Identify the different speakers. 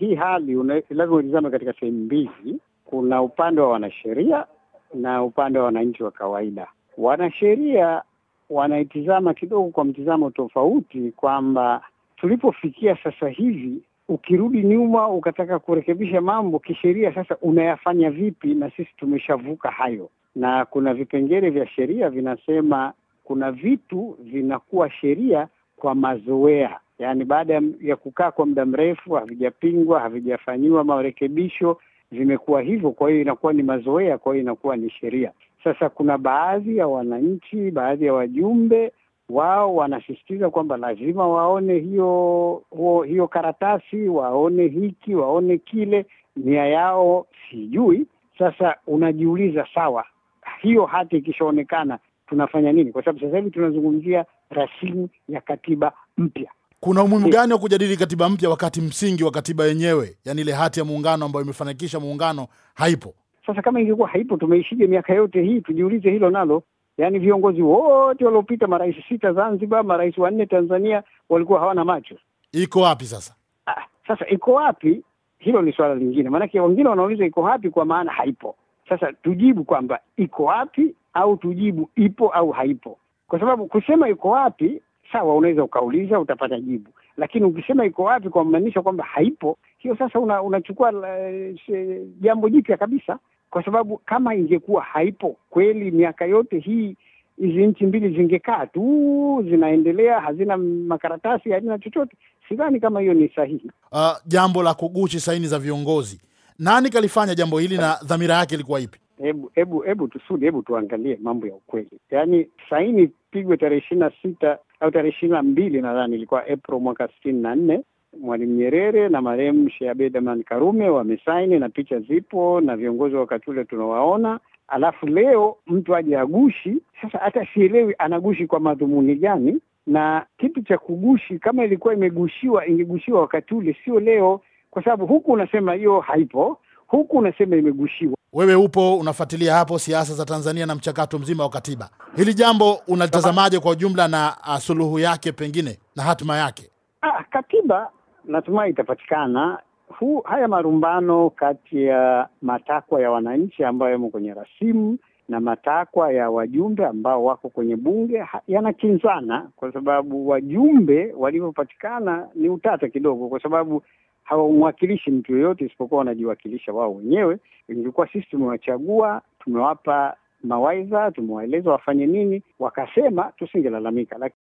Speaker 1: hii hali lazima uitizame katika sehemu mbili. Kuna upande wa wanasheria na upande wa wananchi wa kawaida. Wanasheria wanaitizama kidogo kwa mtizamo tofauti, kwamba tulipofikia sasa hivi, ukirudi nyuma ukataka kurekebisha mambo kisheria, sasa unayafanya vipi? Na sisi tumeshavuka hayo, na kuna vipengele vya sheria vinasema kuna vitu vinakuwa sheria kwa mazoea yaani baada ya kukaa kwa muda mrefu havijapingwa, havijafanyiwa marekebisho, vimekuwa hivyo. Kwa hiyo inakuwa ni mazoea, kwa hiyo inakuwa ni sheria. Sasa kuna baadhi ya wananchi, baadhi ya wajumbe wao wanasisitiza kwamba lazima waone hiyo huo, hiyo karatasi waone hiki waone kile, nia yao sijui. Sasa unajiuliza sawa, hiyo hati ikishaonekana tunafanya nini? Kwa sababu sasa hivi tunazungumzia rasimu
Speaker 2: ya katiba mpya kuna umuhimu gani wa kujadili katiba mpya wakati msingi wa katiba yenyewe, yaani ile hati ya muungano ambayo imefanikisha muungano haipo? Sasa kama ingekuwa haipo, tumeishije
Speaker 1: miaka yote hii? Tujiulize hilo nalo. Yaani viongozi wote waliopita, marais sita Zanzibar, marais wanne Tanzania, walikuwa hawana macho. Iko wapi sasa? Ah, sasa iko wapi? Hilo ni swala lingine, maanake wengine wanauliza iko wapi, kwa maana haipo. Sasa tujibu kwamba iko wapi, au tujibu ipo au haipo, kwa sababu kusema iko wapi sawa, unaweza ukauliza utapata jibu, lakini ukisema iko wapi kwa kumaanisha kwamba haipo, hiyo sasa una, unachukua eh, jambo jipya kabisa, kwa sababu kama ingekuwa haipo kweli, miaka yote hii hizi nchi mbili zingekaa tu zinaendelea,
Speaker 2: hazina makaratasi, hazina chochote. Sidhani kama hiyo ni sahihi. Uh, jambo la kuguchi saini za viongozi, nani kalifanya jambo hili na dhamira yake ilikuwa ipi? hebu hebu
Speaker 1: hebu tusudi, hebu tuangalie mambo ya ukweli. Yaani saini pigwe tarehe ishirini na sita au tarehe ishirini na mbili nadhani ilikuwa April mwaka sitini na nne Mwalimu Nyerere na marehemu Sheikh Karume wamesaini na picha zipo na viongozi wa wakati ule tunawaona. Alafu leo mtu aje agushi. Sasa hata sielewi anagushi kwa madhumuni gani? Na kitu cha kugushi, kama ilikuwa imegushiwa ingegushiwa wakati ule, sio leo, kwa
Speaker 2: sababu huku unasema hiyo haipo huku unasema imegushiwa. Wewe upo unafuatilia hapo siasa za Tanzania na mchakato mzima wa katiba, hili jambo unalitazamaje kwa ujumla na ah, suluhu yake pengine na hatima yake? Ah, katiba natumai itapatikana.
Speaker 1: Hu, haya marumbano kati ya matakwa ya wananchi ambayo yamo kwenye rasimu na matakwa ya wajumbe ambao wako kwenye bunge yanakinzana, kwa sababu wajumbe walivyopatikana ni utata kidogo, kwa sababu hawamwakilishi mtu yoyote isipokuwa wanajiwakilisha wao wenyewe. Ingekuwa sisi tumewachagua, tumewapa mawaidha, tumewaeleza wafanye nini, wakasema, tusingelalamika.